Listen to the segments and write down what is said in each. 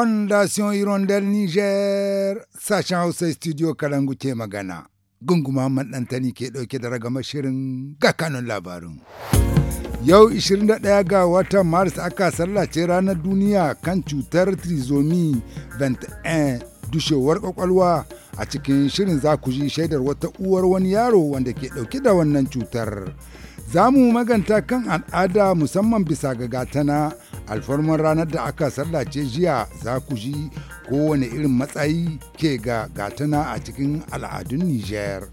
Fondation Hirondelle Niger sashen Hausa Studio Kalangu ke magana. Gungu Muhammad Dantani ke ɗauke da ragamar shirin ga kanun labarin. Yau 21 ga watan Maris aka sallace ranar duniya kan cutar trisomy 21 dushewar kwakwalwa a cikin shirin za ku ji shaidar wata uwar wani yaro wanda ke ɗauke da wannan cutar. Za mu maganta kan al'ada musamman bisa ga gatana alfarman ranar da aka sallace jiya za ku ji kowane irin matsayi ke ga gatana a cikin al'adun Nijar.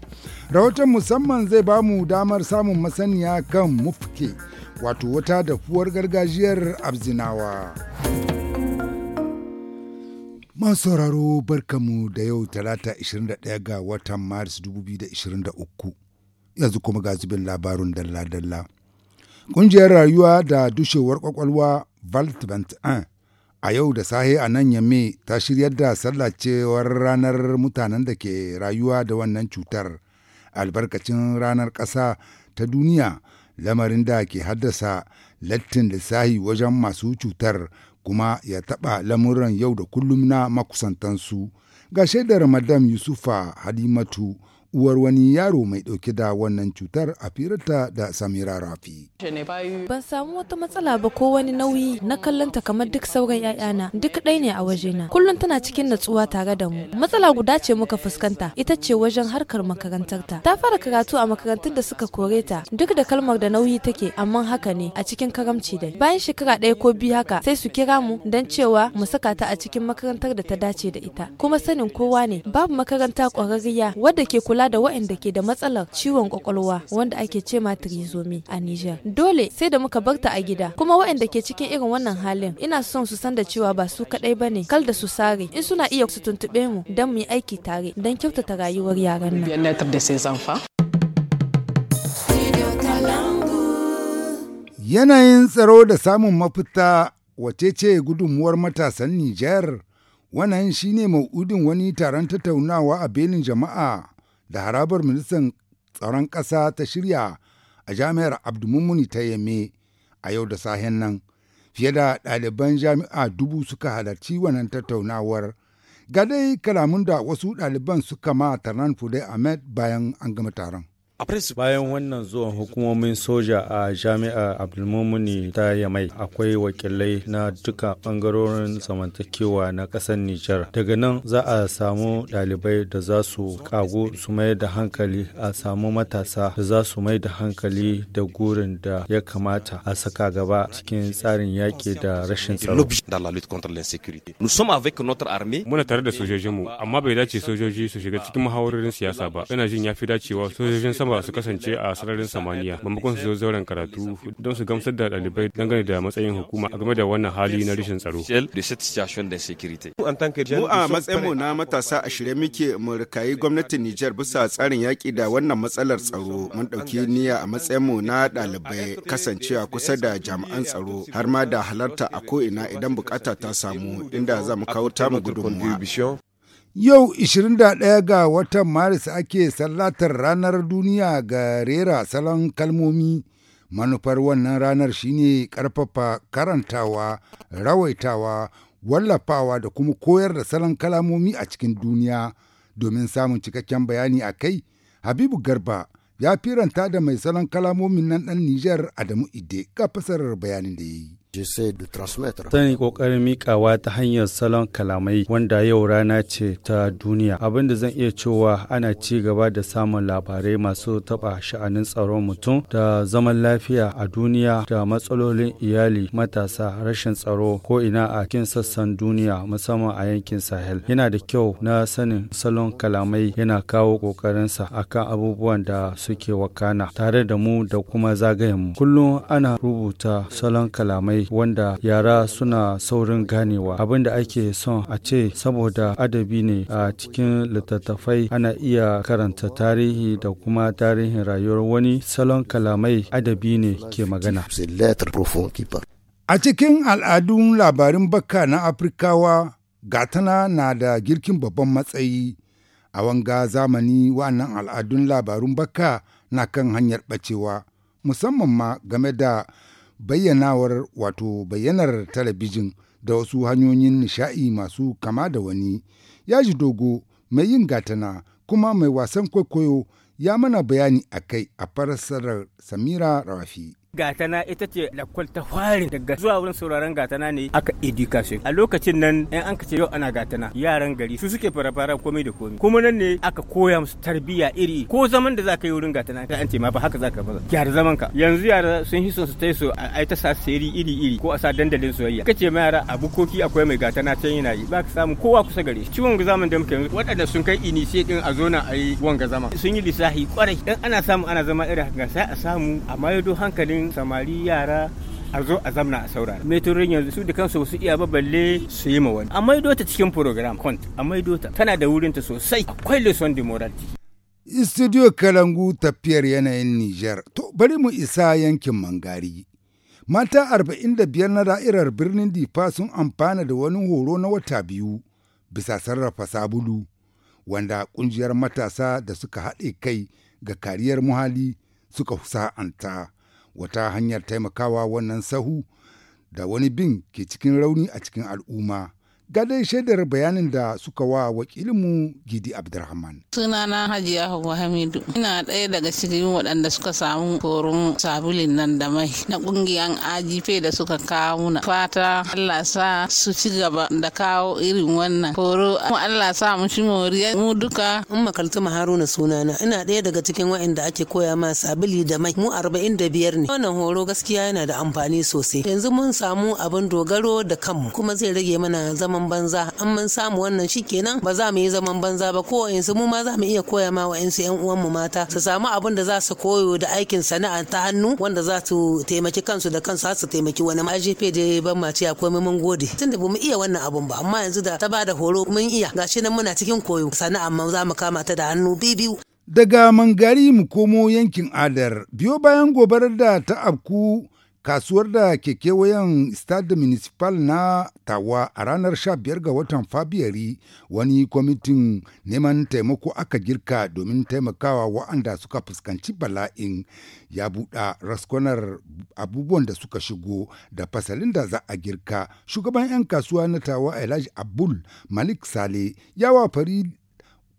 Rahoton musamman zai ba mu damar samun masaniya kan mufke wato wata dafuwar gargajiyar abzinawa. Masu sauraro barkamu da yau talata 21 ga watan Maris 2023 yanzu kuma ga zubin labarun dalla-dalla. Ƙungiyar rayuwa da dushewar kwakwalwa Valtvent 1 eh, a yau da sahe a nan yamme ta shirya da sallacewar ranar mutanen da ke rayuwa da wannan cutar albarkacin ranar ƙasa ta duniya lamarin da ke haddasa lattin lissahi wajen masu cutar kuma ya taɓa lamuran yau da kullum na makusantansu ga shaidar madam yusufa halimatu uwar wani yaro mai ɗauke da wannan cutar a firarta da Samira Rafi. Ban samu wata matsala ba ko wani nauyi na kallonta kamar duk sauran 'ya'yana duk ɗaya ne a waje na Kullum tana cikin natsuwa tare da mu. Matsala guda ce muka fuskanta ita ce wajen harkar makarantar Ta ta fara karatu a makarantar da suka kore ta duk da kalmar da nauyi take amma haka ne a cikin karamci dai. Bayan shekara ɗaya ko biyu haka sai su kira mu don cewa mu saka ta a cikin makarantar da ta dace da ita. Kuma sanin kowa ne babu makaranta ƙwararriya wadda ke kula kula da waɗanda ke da matsalar ciwon kwakwalwa wanda ake ce ma trisomy a Niger. Dole sai da muka barta a gida kuma waɗanda ke cikin irin wannan halin ina son su san da cewa ba su kaɗai ba ne kal da su sare in suna iya su tuntuɓe mu don mu yi aiki tare don kyautata rayuwar yaran nan. Yanayin tsaro da samun mafita wace ce gudunmuwar matasan Nijar? Wannan shine mau'udin wani taron tattaunawa a belin jama'a da harabar ministan tsaron ƙasa ta shirya a jami'ar abdulmumuni ta yame a yau da sahen nan fiye da ɗaliban jami'a dubu suka halarci wannan tattaunawar ga kalamun da wasu ɗaliban suka ma tarnan fudai ahmed bayan an gama taron Bayan wannan zuwan hukumomin soja a jami'ar Abdulmumuni ta Yamai akwai wakilai na duka bangarorin zamantakewa na ƙasar Nijar. Daga nan za a samu dalibai da za su kago su mai da hankali a samu matasa da za su mai da hankali da gurin da ya kamata a saka gaba cikin tsarin yaƙi da rashin tsaro. Muna tare da sojojinmu amma bai dace sojoji su shiga cikin muhawarorin siyasa ba. Ina jin ya fi dacewa sojojin sama sama su kasance a sararin samaniya maimakon su zo zauren karatu don su gamsar da dalibai dangane da matsayin hukuma a game da wannan hali na rashin tsaro. Mu a matsayin mu na matasa a shirye muke mu rikayi gwamnatin Nijar bisa tsarin yaƙi da wannan matsalar tsaro mun ɗauki niyya a mu na ɗalibai kasancewa kusa da jami'an tsaro har ma da halarta a ko'ina idan bukata ta samu inda za mu kawo tamu gudunmuwa. Yau 21 ga watan Maris ake sallatar ranar duniya ga rera salon kalmomi. Manufar wannan ranar shine karfafa karantawa, rawaitawa, wallafawa da kuma koyar da salon kalamomi a cikin duniya. Domin samun cikakken bayani a kai, Habibu Garba ya firanta da mai salon kalamomin nan ɗan Nijar Adamu Ide ga fasarar bayanin da ya yi. Zan yi ƙoƙarin miƙawa ta hanyar salon kalamai wanda yau rana ce ta duniya. Abin da zan iya cewa ana ci gaba da samun labarai masu taɓa sha'anin tsaron mutum da zaman lafiya a duniya da matsalolin iyali matasa rashin tsaro ko ina a cikin sassan duniya musamman a yankin Sahel. Yana da kyau na sanin salon kalamai yana kawo ƙoƙarinsa akan abubuwan da suke wakana tare da mu da kuma zagayenmu. Kullum ana rubuta salon kalamai malamai wanda yara suna saurin ganewa abin da ake son a ce saboda adabi ne a cikin littattafai ana iya karanta tarihi da kuma tarihin rayuwar wani salon kalamai adabi ne ke magana a cikin al'adun labarin bakka na afirkawa gatana na da girkin babban matsayi a wanga zamani wa'annan al'adun labarun bakka na kan hanyar bacewa musamman ma game da bayyanawar wato bayyanar talabijin da wasu hanyoyin nisha'i masu kama da wani ya ji dogo mai yin gatana kuma mai wasan kwaikwayo ya mana bayani a kai a farasarar samira rafi gatana ita ce lakwal ta fari daga zuwa wurin sauraron gatana ne aka education a lokacin nan in an ce yau ana gatana yaran gari su suke fara-fara komai da komai kuma nan ne aka koya musu tarbiya iri ko zaman da zaka yi wurin gatana ta an ce ma ba haka zaka ba gyara zaman ka yanzu yara sun hiso su taiso su a ta sa seri iri iri ko a sa dandalin soyayya kace ma yara a bukoki akwai mai gatana can yana yi ba ka samu kowa kusa gare shi ciwon zaman da muke yanzu waɗanda sun kai initiate din a zona a yi wanga zama sun yi lissafi kwarai dan ana samu ana zama irin haka sai a samu a maido hankalin wurin samari yara a zo a zamna a saurara metorin yanzu su da kansu su iya baballe su yi ma wani a maido ta cikin program kont a maido ta tana da wurinta sosai akwai leson de morality studio kalangu tafiyar yanayin Nijar. To bari mu isa yankin Mangari. Mata 45 na da'irar birnin Difa sun amfana da wani horo na wata biyu bisa sarrafa sabulu, wanda kungiyar matasa da suka haɗe kai ga kariyar muhalli suka anta. wata hanyar taimakawa wannan sahu da wani bin ke cikin rauni a cikin al'umma ga shaidar bayanin da suka wa wakilinmu gidi abdurrahman sunana hajiya hawa hamidu ina ɗaya daga cikin waɗanda suka samu horon sabulin nan da mai na ƙungiyan ajife da suka kawo na fata allah sa su ci gaba da kawo irin wannan horo allah sa mu shi moriya mu duka in makaltuma haruna sunana ina ɗaya daga cikin waɗanda ake koya ma sabuli da mai mu arba'in da biyar ne wannan horo gaskiya yana da amfani sosai yanzu mun samu abin dogaro da kanmu kuma zai rage mana zama zaman banza an mun samu wannan shikenan ba za mu yi zaman banza ba ko yanzu mu ma za mu iya koya ma wa'insu yan uwan mu mata su samu abin da za su koyo da aikin sana'a ta hannu wanda za su taimaki kansu da kansu su taimaki wani ma jefe da ban mace akwai mun gode tunda ba mu iya wannan abun ba amma yanzu da ta ba da horo mun iya gashi nan muna cikin koyo sana'a mu za mu kama ta da hannu biyu daga mangari mu komo yankin adar biyo bayan gobarar da ta afku kasuwar da ke kewayen stade municipal na tawa a ranar 15 ga watan fabiyari wani kwamitin neman taimako aka girka domin taimakawa wa'anda suka fuskanci bala'in ya buɗa raskonar abubuwan da suka shigo da fasalin da za a girka shugaban 'yan kasuwa na tawa elaj Abul malik sale wa fari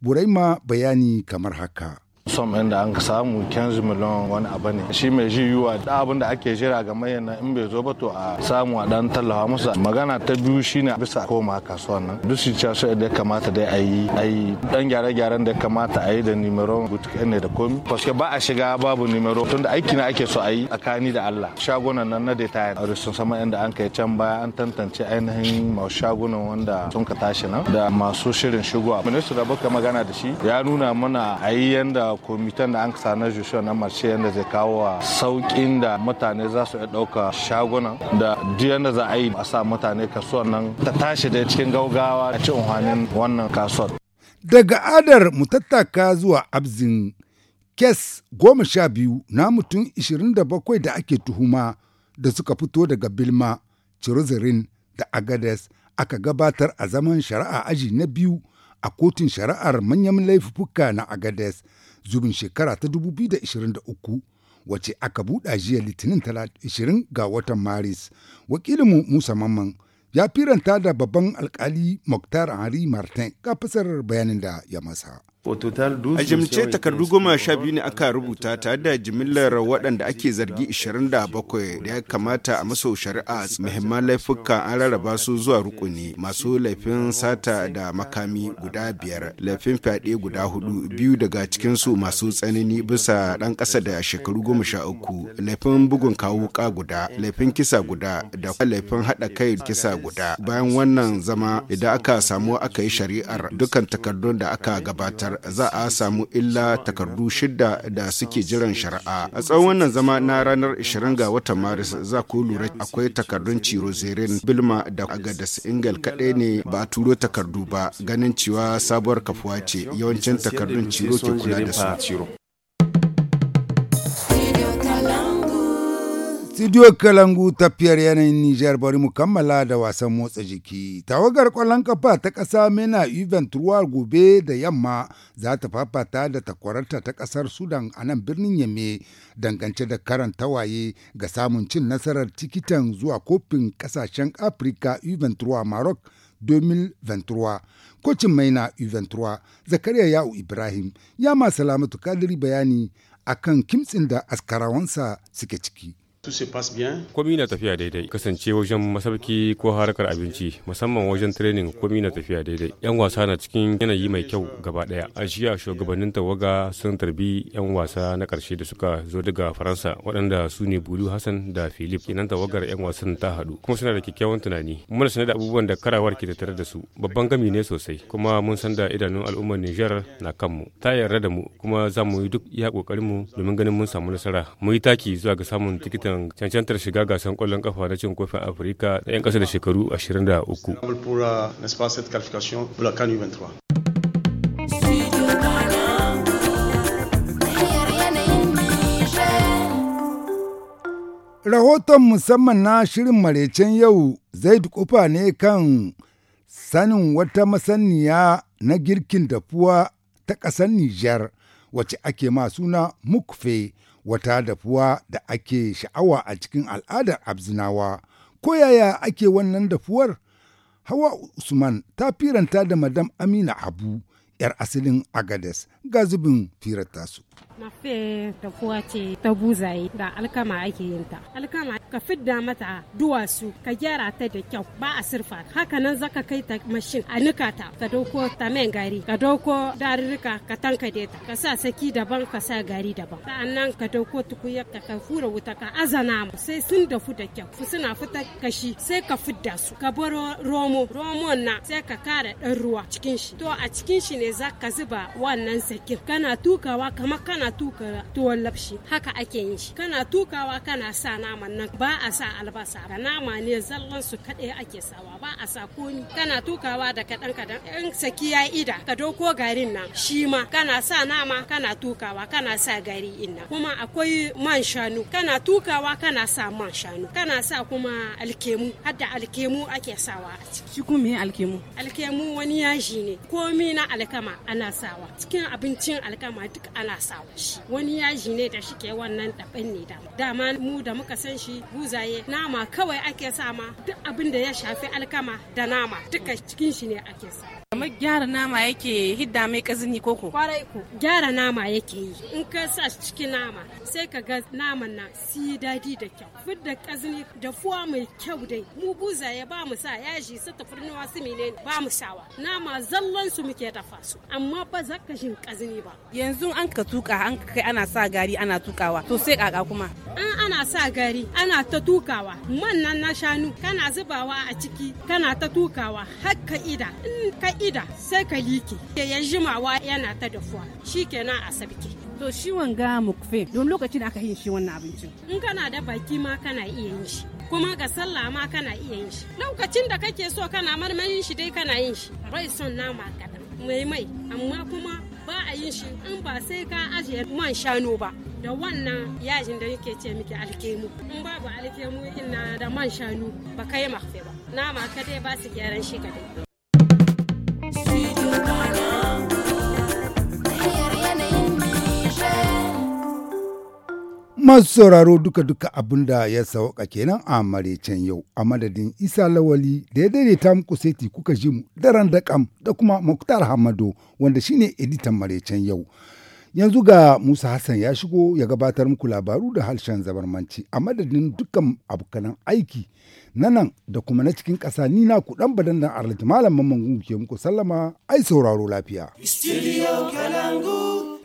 buraima bayani kamar haka som ɗin da an samu 15 miliyan wani abu ne shi mai ji yiwuwa da abin da ake jira ga mayan in bai zo ba to a samu a dan tallafa masa magana ta biyu shine bisa koma kasuwan nan duk shi cewa sai da ya kamata dai ayi ayi dan gyare-gyaren da ya kamata ayi da nimero butik ne da komi paske ba a shiga babu nimero da aiki na ake so ayi tsakani da Allah shagunan nan na detail a sun sama inda an kai can baya an tantance ainihin masu shagunan wanda sun ka tashi nan da masu shirin shigowa ministan da baka magana da shi ya nuna mana ayi yanda komitan da an kasa na jusho na marshe yadda zai kawo wa sauƙin da mutane za su iya ɗauka shagunan da duk yadda za a yi a sa mutane kasuwar nan ta tashi da cikin gaugawa a cin hannun wannan kasuwar. Daga adar mutattaka zuwa abzin kes goma sha biyu na mutum 27 da ake tuhuma da suka fito daga Bilma, Cirozirin da Agades aka gabatar a zaman shari'a aji na biyu a kotun shari'ar manyan laifuka na Agades zubin shekara ta 2023 wace aka buɗa jiya litinin 20 ga watan maris wakilinmu musa mamman ya firanta da babban alkali muktar henri martin ga fasarar bayanin da ya masa A jimce takardu goma sha biyu ne aka rubuta ta da jimillar waɗanda ake zargi 27 da ya kamata a maso shari'a muhimman laifuka an rarraba su zuwa rukuni masu laifin sata da makami guda biyar laifin fyaɗe guda hudu biyu daga cikinsu masu tsanani bisa ɗan ƙasa da shekaru goma sha uku laifin bugun kawo ka guda laifin kisa guda da laifin haɗa kai kisa guda bayan wannan zama idan aka samu aka yi shari'ar dukkan takardun da aka gabatar za a samu illa takardu shida da suke jiran shari'a a tsawon wannan zama na ranar 20 ga watan maris za ku lura akwai takardun ciro cirozerin bilma da agadas ingal kaɗai ne ba a turo takardu ba ganin cewa sabuwar kafuwa ce yawancin takardun ciro ke kula da su Studio Kalangu tafiyar yanayin Nijar bari mu kammala da wasan motsa jiki. Tawagar kwallon kafa ta ƙasa Mena Juventus gobe da yamma za ta fafata da takwararta ta ƙasar Sudan a nan birnin yamme dangance da karan tawaye ga samun cin nasarar tikitan zuwa kofin ƙasashen Afirka ruwa Maroc 2023 kocin maina juventus zakariya ya'u ibrahim ya ma salamatu kadiri bayani akan kimtsin da askarawansa suke ciki Komi na tafiya daidai kasance wajen masauki ko harkar abinci musamman wajen training komi na tafiya daidai yan wasa na cikin yanayi mai kyau gaba daya a jiya shugabannin tawaga sun tarbi yan wasa na karshe da suka zo daga faransa waɗanda su ne bulu hassan da philip kenan tawagar yan wasan ta hadu. kuma suna da kyakkyawan tunani mun sanar da abubuwan da karawar ke tattare da su babban gami ne sosai kuma mun san da idanun al'ummar nijar na kanmu ta yarda da mu kuma za mu yi duk iya ƙoƙarinmu domin ganin mun samu nasara mu yi taki zuwa ga samun tikitin kan cancantar shiga gasar kwallon kafa na cin kofin Afirka na 'yan ƙasa da shekaru 23. Rahoton musamman na shirin marecen yau zai kufa ne kan sanin wata masaniya na girkin dafuwa ta ƙasar Nijar wacce ake ma suna mukfe wata dafuwa da ake sha'awa a cikin al'adar abzinawa. Ko yaya ake wannan dafuwar? Hawa Usman ta firanta da Madam Amina Abu 'yar asalin Agades, ga zubin firarta su. Nafe dafuwa ce ta buzaye da alkama ake yinta. Alkama ka fidda mata duwatsu ka gyara ta da kyau ba a sirfa haka nan ka kai ta mashin a nika ta ka dauko tamen gari ka dauko darurruka ka tankade ta ka sa saki daban ka sa gari daban sa'annan ka dauko tukuyar ka ka fura wuta ka azana mu sai sun dafu da kyau suna ta kashi sai ka fidda su ka baro romo romo na sai ka kara dan ruwa cikin shi to a cikin shi ne za ka zuba wannan sakin kana tukawa kamar kana tuka tuwon labshi haka ake yin shi kana tukawa kana sa naman nan ba a sa albasa da nama ne zallan su kaɗai ake sawa ba a sa komi kana tukawa da kaɗan kaɗan in saki ya ida ka doko garin nan shi ma kana sa nama kana tukawa kana sa gari in nan kuma akwai man shanu kana tukawa kana sa man shanu kana sa kuma alkemu hadda alkemu ake sawa a ciki shi kuma alkemu alkemu wani yaji ne komi na alkama ana sawa cikin abincin alkama duk ana sawa shi wani yaji ne da shike wannan daban ne da dama mu da muka san shi buzaye nama kawai ake sama. duk abin da ya shafi alkama da nama duka cikin shi ne ake sa kamar gyara nama yake hidda mai kazini koko kwarai ko gyara nama yake yi in ka sa cikin nama sai ka ga naman na si dadi da kyau fidda kazini da fuwa mai kyau dai mu buzaye ba mu sa yaji su tafurnuwa su menene ba mu sawa nama zallan su muke dafa su amma ba za ka shin kazini ba yanzu an ka tuka an kai ana sa gari ana tukawa to sai kaka kuma an ana sa gari ana ta tukawa man na shanu kana zubawa a ciki kana ta tukawa har ka ida in ka ida sai ka like ya jimawa yana ta dafuwa shikenan a sabke to shi wanga mukfe don lokacin aka yin shi wannan abincin in kana da baki ma kana iya yin shi kuma ga sallah ma kana iya yin shi lokacin da kake so kana marmarin shi dai kana yin shi rai son nama kadan mai mai amma kuma ba a yin shi in ba sai ka ajiye man shanu ba da wannan yajin da yake ce miki alkemu in babu alkemu ina da man shanu ba kai mafe ba nama kadai ba su gyaran shi kadai Masu sauraro duka-duka abin da ya sauka kenan a maraicen yau a madadin Isa Lawali da ya daidaita muku saiti kuka ji mu daren da kam da kuma Muktar Hamado wanda shine editan maraicen yau. Yanzu ga Musa Hassan ya shigo ya gabatar muku labaru da harshen zabarmanci a madadin dukkan abokanan aiki na nan da kuma na cikin ƙasa ni na ku dan badan dan Arlit Malam Mamman ke muku sallama ai sauraro lafiya.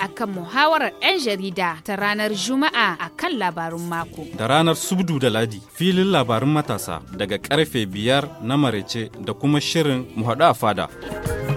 akan muhawarar 'yan jarida ta ranar Juma'a a kan labarun mako. Da ranar Subdu da Ladi filin labarun matasa daga karfe biyar na marece da kuma shirin mu a fada.